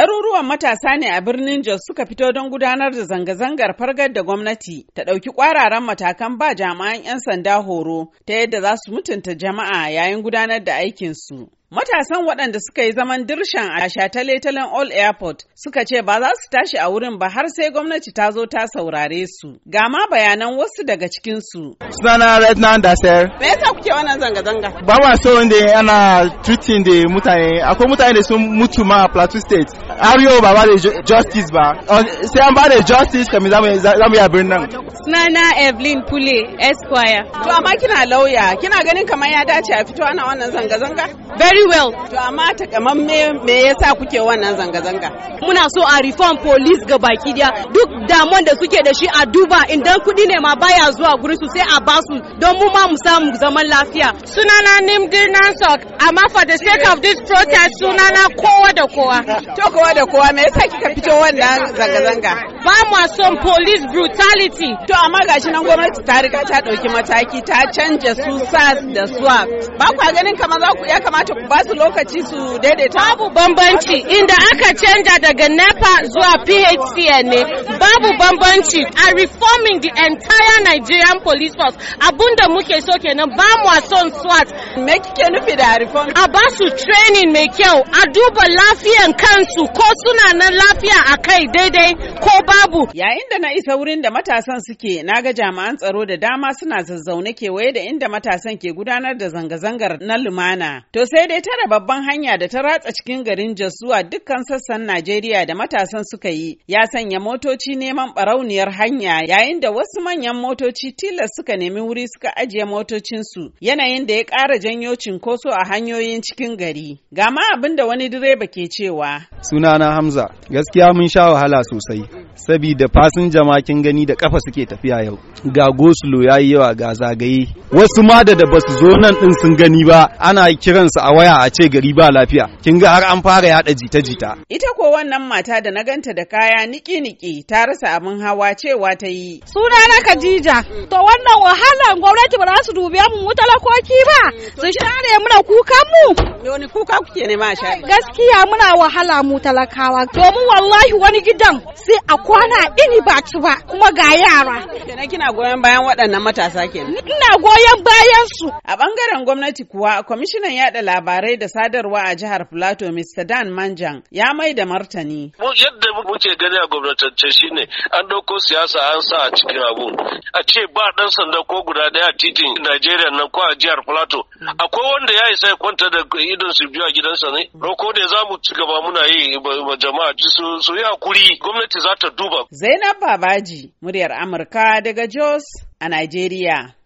Ɗaruruwan matasa ne a birnin Jos suka fito don gudanar da zanga-zangar fargar da gwamnati ta ɗauki ƙwararan matakan ba jami'an 'yan sanda horo ta yadda za su mutunta jama'a yayin gudanar da aikinsu. Matasan waɗanda suka yi zaman dirshan a shataletalen All Airport suka ce ba za su tashi a wurin ba har sai gwamnati ta zo ta saurare su. Ga ma bayanan wasu daga cikinsu. Sunana Rednan dasar? Me yasa kuke wannan zanga-zanga? Ba ma so wanda ana treating da mutane. Akwai mutane da sun mutu ma a Plateau State. Ariyo ba ba da justice ba. Sai an ba da justice kamin za mu yi birnin nan. Sunana Evelyn Pule Esquire. To amma kina lauya, kina ganin kamar ya dace a fito ana wannan zanga-zanga? Very well. To amma ta kamar me yasa kuke wannan zanga-zanga? Muna so a reform police ga baki daya. Duk damuwan da suke da shi a duba idan kuɗi ne ma baya zuwa gurin su sai a basu don mu ma mu samu zaman lafiya. Sunana Nimdir Nansok, amma for the sake of this protest sunana kowa da kowa. To kowa da kowa me yasa kika fito wannan zanga-zanga? ba ma son police brutality. To amma gashi nan gwamnati ta riga ta ɗauki mataki ta canja su SAS da SWAP. Ba kwa ganin kamar za ku ya kamata ku ba su lokaci su daidaita. Babu bambanci inda aka canja daga NEPA zuwa PHCN ne babu bambanci a reforming the entire Nigerian police force abunda muke so kenan ba mu son SWAT. Me kike nufi da reform? A ba su training mai kyau a duba lafiyan kansu ko suna nan lafiya a kai daidai ko babu. Yayin da na isa wurin da matasan suke na ga jami'an tsaro da dama suna zazzaune kewaye da inda matasan ke gudanar da zanga-zangar na lumana. To sai dai tara babban hanya da ta ratsa cikin garin Jos zuwa dukkan sassan Najeriya da matasan suka yi ya sanya motoci neman barauniyar hanya yayin da wasu manyan motoci tilas suka nemi wuri suka ajiye motocinsu yanayin da ya ƙara janyo cinkoso a hanyoyin cikin gari. Ga ma abin da wani direba ke cewa. Sunana Hamza, gaskiya mun sha wahala sosai. sabida fasinja ma gani da kafa suke tafiya yau ga ya yayi yawa ga zagaye wasu ma da ba su zo nan din sun gani ba ana kiransu a waya a ce gari ba lafiya kin ga har an fara yada jita jita ita ko wannan mata da na ganta da kaya niki niki ta rasa abin hawa cewa ta yi suna na Khadija to wannan wahalan gwamnati ba za su dube mu mu talakoki ba su share muna kukan mu wani kuka kuke ne ma gaskiya muna wahala mu talakawa domin wallahi wani gidan sai a kwana ini ba ci ba kuma ga yara. Kenan kina goyon bayan waɗannan matasa kenan. Ina goyon bayan su A bangaren gwamnati kuwa, kwamishinan yada labarai da sadarwa a jihar Filato, Mr. Dan Manjan, ya mai da martani. Yadda muke gani a gwamnatance shine an dauko siyasa an sa a cikin abu. A ce ba ɗan sanda ko guda ɗaya a titin Najeriya nan ko a jihar Filato. Akwai wanda ya isa kwanta da idon su biyu a gidansa ne. Roko ne za mu ci gaba muna yi ma jama'a su su yi hakuri gwamnati za ta duba. Zainab Babaji, muryar Amurka daga Jos a Najeriya.